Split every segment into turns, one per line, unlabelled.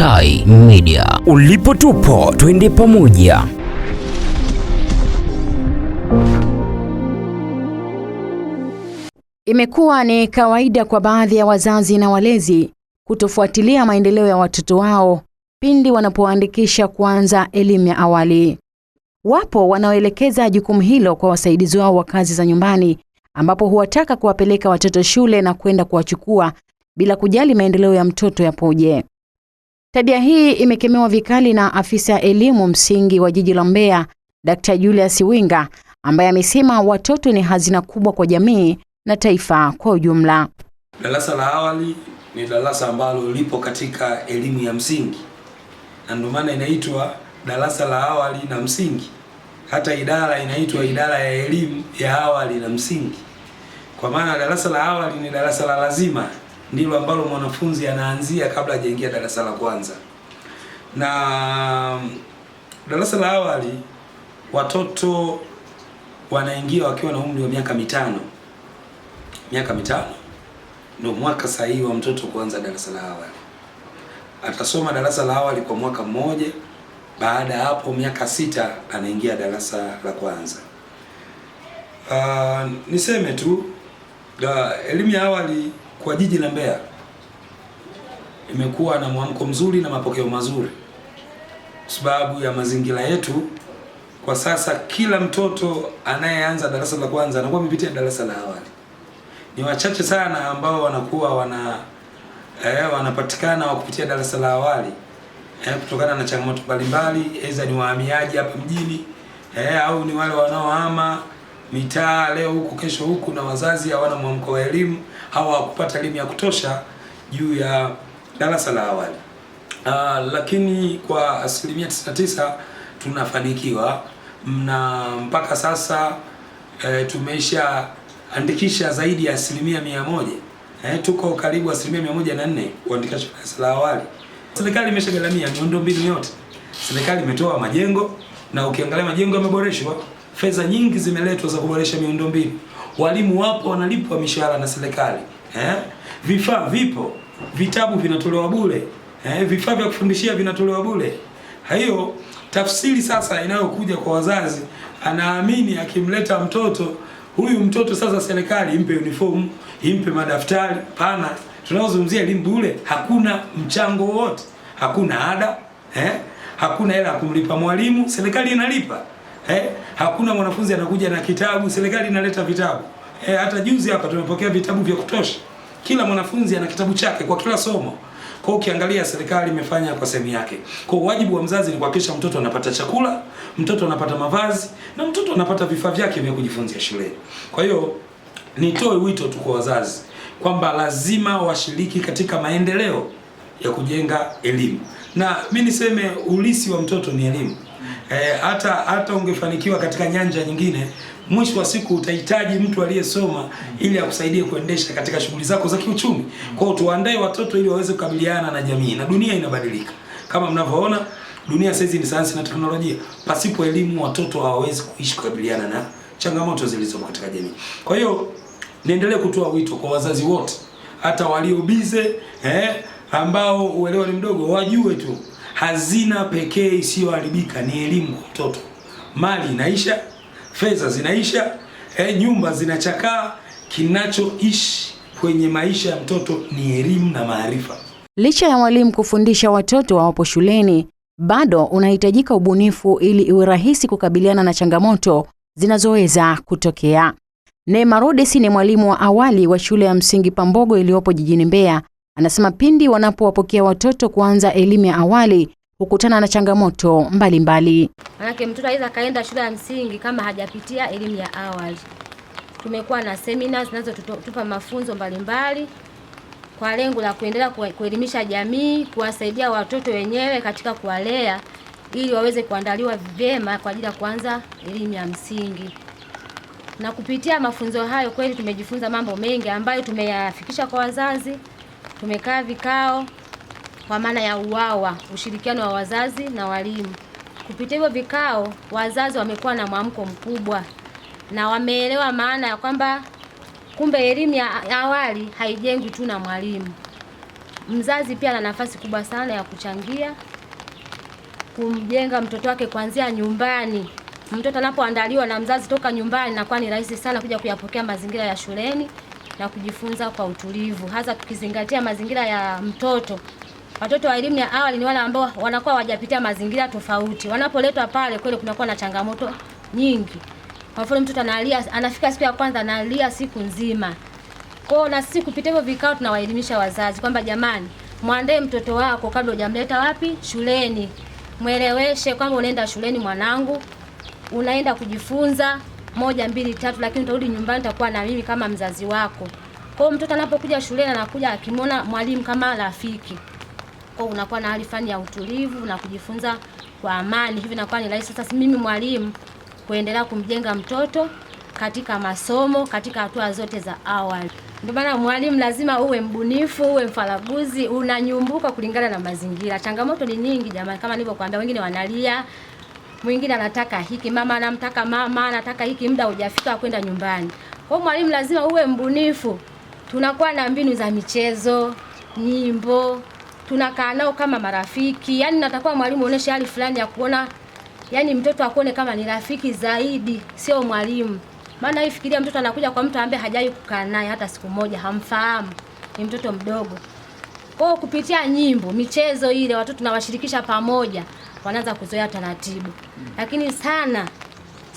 Tai Media. Ulipo tupo, twende pamoja. Imekuwa ni kawaida kwa baadhi ya wazazi na walezi kutofuatilia maendeleo ya watoto wao pindi wanapoandikisha kuanza elimu ya awali. Wapo wanaoelekeza jukumu hilo kwa wasaidizi wao wa kazi za nyumbani, ambapo huwataka kuwapeleka watoto shule na kwenda kuwachukua bila kujali maendeleo ya mtoto yapoje. Tabia hii imekemewa vikali na afisa elimu msingi wa jiji la Mbeya, Dkt. Julius Winga ambaye amesema watoto ni hazina kubwa kwa jamii na taifa kwa ujumla.
Darasa la awali ni darasa ambalo lipo katika elimu ya msingi na ndio maana inaitwa darasa la awali na msingi. Hata idara inaitwa idara ya elimu ya awali na msingi, kwa maana darasa la awali ni darasa la lazima ndilo ambalo mwanafunzi anaanzia kabla hajaingia darasa la kwanza. Na mm, darasa la awali watoto wanaingia wakiwa na umri wa miaka mitano. Miaka mitano ndio mwaka sahihi wa mtoto kuanza darasa la awali. Atasoma darasa la awali kwa mwaka mmoja. Baada ya hapo miaka sita anaingia darasa la kwanza. Uh, niseme tu uh, elimu ya awali kwa jiji la Mbeya imekuwa na mwamko mzuri na mapokeo mazuri kwa sababu ya mazingira yetu. Kwa sasa kila mtoto anayeanza darasa la kwanza anakuwa amepitia darasa la awali. Ni wachache sana ambao wanakuwa wana eh, wanapatikana wa kupitia darasa la awali eh, kutokana na changamoto mbalimbali, aidha ni wahamiaji hapa mjini eh, au ni wale wanaohama mitaa leo huku kesho huku, na wazazi hawana mwamko wa elimu, hawakupata elimu ya kutosha juu ya darasa la awali. Uh, lakini kwa asilimia 99 tunafanikiwa na mpaka sasa eh, tumesha andikisha zaidi ya asilimia mia moja. eh, tuko karibu asilimia mia moja na nne kuandikisha darasa la awali. Serikali imeshagharamia miundombinu yote, serikali imetoa majengo na ukiangalia majengo yameboreshwa fedha nyingi zimeletwa za kuboresha miundombinu, walimu wapo wanalipwa mishahara na serikali eh? Vifaa vipo, vitabu vinatolewa bure eh? Vifaa vya kufundishia vinatolewa bure. Hiyo tafsiri sasa inayokuja kwa wazazi, anaamini akimleta mtoto huyu mtoto sasa serikali impe uniform, impe madaftari. Pana, tunaozungumzia elimu bure, hakuna mchango wote, hakuna ada eh? Hakuna hela ya kumlipa mwalimu, serikali inalipa eh, hakuna mwanafunzi anakuja na kitabu, serikali inaleta vitabu eh, hata juzi hapa tumepokea vitabu vya kutosha. Kila mwanafunzi ana kitabu chake kwa kila somo. Kwa ukiangalia serikali imefanya kwa sehemu yake. Kwa wajibu wa mzazi ni kuhakikisha mtoto anapata chakula, mtoto anapata mavazi na mtoto anapata vifaa vyake vya kujifunzia shuleni. Kwa hiyo nitoe wito tu kwa wazazi kwamba lazima washiriki katika maendeleo ya kujenga elimu, na mimi niseme ulisi wa mtoto ni elimu. Eh, hata e, hata ungefanikiwa katika nyanja nyingine, mwisho wa siku utahitaji mtu aliyesoma ili akusaidie kuendesha katika shughuli zako za kiuchumi. Kwa hiyo tuandae watoto ili waweze kukabiliana na jamii, na dunia inabadilika kama mnavyoona. Dunia sasa ni sayansi na teknolojia. Pasipo elimu, watoto hawawezi kuishi kukabiliana na changamoto zilizopo katika jamii. Kwa hiyo niendelee kutoa wito kwa wazazi wote, hata walio bize eh, ambao uelewa ni mdogo, wajue tu hazina pekee isiyoharibika ni elimu kwa mtoto. Mali inaisha, fedha zinaisha, eh, nyumba zinachakaa. Kinachoishi kwenye maisha ya mtoto ni elimu na maarifa.
Licha ya walimu kufundisha watoto wawapo shuleni, bado unahitajika ubunifu ili iwe rahisi kukabiliana na changamoto zinazoweza kutokea. Neema Rhodes ni mwalimu wa awali wa shule ya msingi Pambogo iliyopo jijini Mbeya Anasema pindi wanapowapokea watoto kuanza elimu ya awali hukutana na changamoto mbalimbali.
Manake mtoto aweza akaenda shule ya msingi kama hajapitia elimu ya awali. Tumekuwa na semina zinazotupa mafunzo mbalimbali kwa lengo la kuendelea kuelimisha jamii, kuwasaidia watoto wenyewe katika kuwalea ili waweze kuandaliwa vyema kwa ajili ya kuanza elimu ya msingi. Na kupitia mafunzo hayo kweli tumejifunza mambo mengi ambayo tumeyafikisha kwa wazazi. Tumekaa vikao kwa maana ya UWAWA, ushirikiano wa wazazi na walimu. Kupitia hivyo vikao, wazazi wamekuwa na mwamko mkubwa na wameelewa maana ya kwamba kumbe elimu ya awali haijengwi tu na mwalimu. Mzazi pia ana nafasi kubwa sana ya kuchangia kumjenga mtoto wake kuanzia nyumbani. Mtoto anapoandaliwa na mzazi toka nyumbani, nakuwa ni rahisi sana kuja kuyapokea mazingira ya shuleni na kujifunza kwa utulivu, hasa tukizingatia mazingira ya mtoto. Watoto wa elimu ya awali ni wale ambao wanakuwa wajapitia mazingira tofauti. Wanapoletwa pale, kweli kunakuwa na changamoto nyingi. Kwa mfano, mtoto analia, anafika siku ya kwanza analia siku nzima. Kwa na sisi kupitia hivyo vikao tunawaelimisha wazazi kwamba jamani, mwandae mtoto wako kabla hujamleta wapi shuleni, mweleweshe kwamba unaenda shuleni mwanangu, unaenda kujifunza moja mbili tatu, lakini utarudi nyumbani utakuwa na mimi kama mzazi wako. Kwa hiyo mtoto anapokuja shuleni anakuja akimwona mwalimu kama rafiki, kwa hiyo unakuwa na hali fani ya utulivu na kujifunza kwa amani, hivi nakuwa ni rahisi sasa mimi mwalimu kuendelea kumjenga mtoto katika masomo katika hatua zote za awali. Ndio maana mwalimu lazima uwe mbunifu, uwe mfaraguzi, unanyumbuka kulingana na mazingira. Changamoto ni nyingi jamani, kama nilivyokuambia, wengine wanalia, mwingine anataka hiki, mama anamtaka mama anataka hiki, muda hujafika kwenda nyumbani. Kwa hiyo mwalimu lazima uwe mbunifu. Tunakuwa na mbinu za michezo, nyimbo, tunakaa nao kama marafiki. Yani natakuwa mwalimu onyeshe hali fulani ya kuona, yani mtoto akuone kama ni rafiki zaidi, sio mwalimu. Maana hii fikiria, mtoto anakuja kwa mtu ambaye hajai kukaa naye hata siku moja, hamfahamu, ni mtoto mdogo. Kwa kupitia nyimbo, michezo ile watoto tunawashirikisha pamoja wanaanza kuzoea taratibu, lakini sana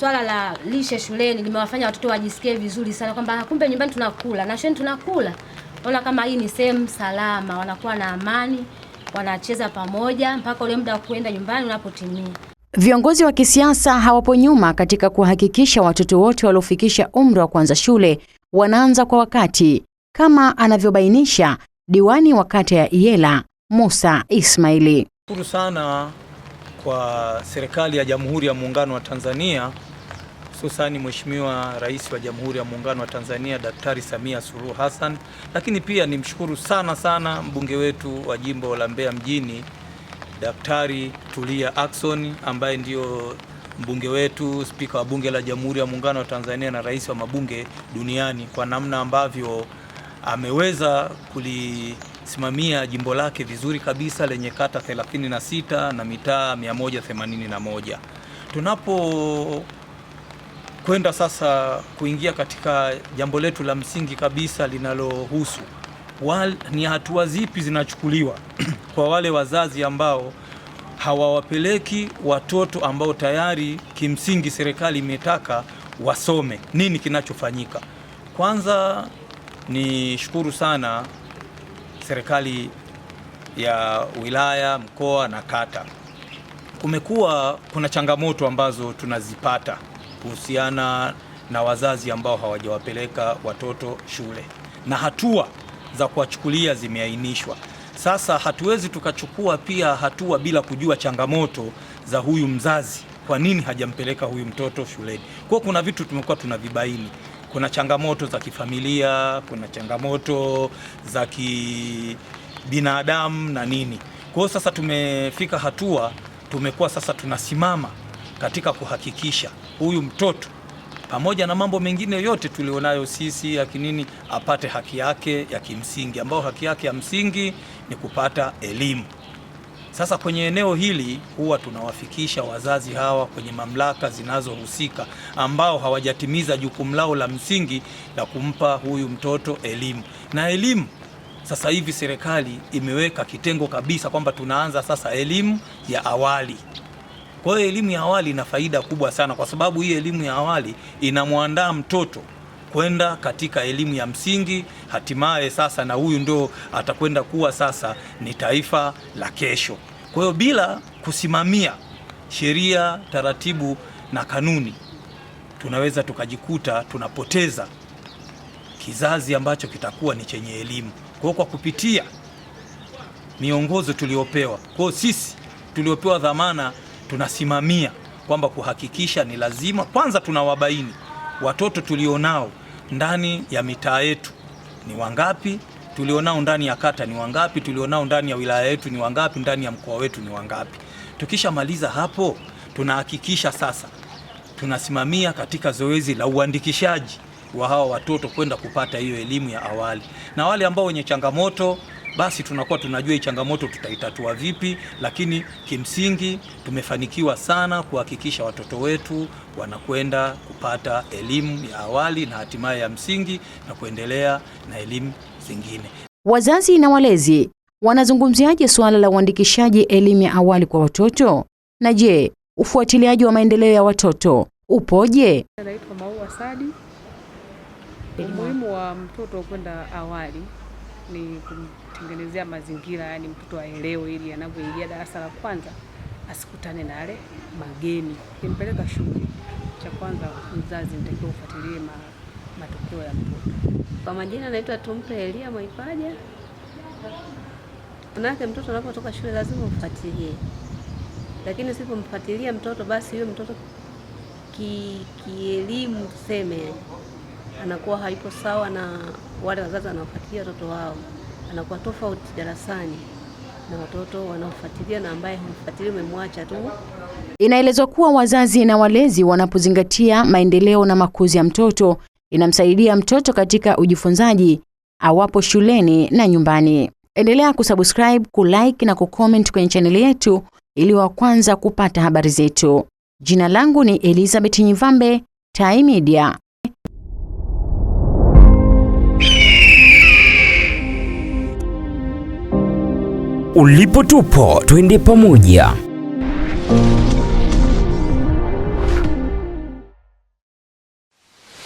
swala la lishe shuleni limewafanya watoto wajisikie vizuri sana kwamba ah, kumbe nyumbani tunakula na shuleni tunakula. Ona kama hii ni sehemu salama, wanakuwa na amani, wanacheza pamoja mpaka ule muda wa kuenda nyumbani unapotimia.
Viongozi wa kisiasa hawapo nyuma katika kuhakikisha watoto wote waliofikisha umri wa kuanza shule wanaanza kwa wakati, kama anavyobainisha diwani wa kata ya Iyela Musa Ismaili.
Shukuru sana kwa serikali ya Jamhuri ya Muungano wa Tanzania, hususani Mheshimiwa Rais wa Jamhuri ya Muungano wa Tanzania Daktari Samia Suluhu Hassan, lakini pia nimshukuru sana sana mbunge wetu wa jimbo la Mbeya mjini Daktari Tulia Ackson ambaye ndio mbunge wetu, spika wa bunge la Jamhuri ya Muungano wa Tanzania na rais wa mabunge duniani, kwa namna ambavyo ameweza kuli anasimamia jimbo lake vizuri kabisa lenye kata 36 na mitaa 181. Tunapo kwenda sasa kuingia katika jambo letu la msingi kabisa linalohusu ni hatua zipi zinachukuliwa kwa wale wazazi ambao hawawapeleki watoto ambao tayari kimsingi serikali imetaka wasome. Nini kinachofanyika? Kwanza ni shukuru sana serikali ya wilaya, mkoa na kata, kumekuwa kuna changamoto ambazo tunazipata kuhusiana na wazazi ambao hawajawapeleka watoto shule na hatua za kuwachukulia zimeainishwa. Sasa hatuwezi tukachukua pia hatua bila kujua changamoto za huyu mzazi, kwa nini hajampeleka huyu mtoto shuleni. Kwa kuna vitu tumekuwa tunavibaini. Kuna changamoto za kifamilia, kuna changamoto za kibinadamu na nini. Kwa hiyo sasa tumefika hatua, tumekuwa sasa tunasimama katika kuhakikisha huyu mtoto pamoja na mambo mengine yote tulionayo sisi ya kinini apate haki yake ya kimsingi, ambayo haki yake ya msingi ni kupata elimu. Sasa kwenye eneo hili huwa tunawafikisha wazazi hawa kwenye mamlaka zinazohusika ambao hawajatimiza jukumu lao la msingi la kumpa huyu mtoto elimu. Na elimu sasa hivi serikali imeweka kitengo kabisa kwamba tunaanza sasa elimu ya awali. Kwa hiyo elimu ya awali ina faida kubwa sana kwa sababu hii elimu ya awali inamwandaa mtoto kwenda katika elimu ya msingi hatimaye sasa, na huyu ndo atakwenda kuwa sasa ni taifa la kesho. Kwa hiyo bila kusimamia sheria, taratibu na kanuni, tunaweza tukajikuta tunapoteza kizazi ambacho kitakuwa ni chenye elimu. Kwa hiyo kwa kupitia miongozo tuliopewa, kwa hiyo sisi tuliopewa dhamana tunasimamia kwamba kuhakikisha ni lazima kwanza tunawabaini watoto tulionao ndani ya mitaa yetu ni wangapi, tulionao ndani ya kata ni wangapi, tulionao ndani ya wilaya yetu ni wangapi, ndani ya mkoa wetu ni wangapi. Tukishamaliza hapo, tunahakikisha sasa tunasimamia katika zoezi la uandikishaji wa hawa watoto kwenda kupata hiyo elimu ya awali, na wale ambao wenye changamoto basi tunakuwa tunajua hii changamoto tutaitatua vipi, lakini kimsingi tumefanikiwa sana kuhakikisha watoto wetu wanakwenda kupata elimu ya awali na hatimaye ya msingi na kuendelea na elimu zingine.
Wazazi na walezi wanazungumziaje suala la uandikishaji elimu ya awali kwa watoto? Na je, ufuatiliaji wa maendeleo ya watoto upoje?
Naitwa Maua Sadi. Umuhimu wa mtoto kwenda awali ni kumtengenezea mazingira, yani mtoto aelewe, ili anapoingia darasa la kwanza asikutane na yale mageni. Kimpeleka shule, cha kwanza mzazi nitakiwa ufuatilie ma, matokeo ya mtoto.
Kwa majina naitwa Tumpe Elia Mwaipaja. Manake mtoto anapotoka shule lazima ufuatilie, lakini usipomfuatilia mtoto basi huyo mtoto kielimu ki tuseme anakuwa haipo sawa na wale wazazi wanaofuatilia watoto wao, anakuwa tofauti darasani na watoto wanaofuatilia na ambaye humfuatilia umemwacha tu.
Inaelezwa kuwa wazazi na walezi wanapozingatia maendeleo na makuzi ya mtoto inamsaidia mtoto katika ujifunzaji awapo shuleni na nyumbani. Endelea kusubscribe, kulike na kucomment kwenye chaneli yetu ili wa kwanza kupata habari zetu. Jina langu ni Elizabeth Nyivambe, Tai Media. Ulipo tupo, twende pamoja.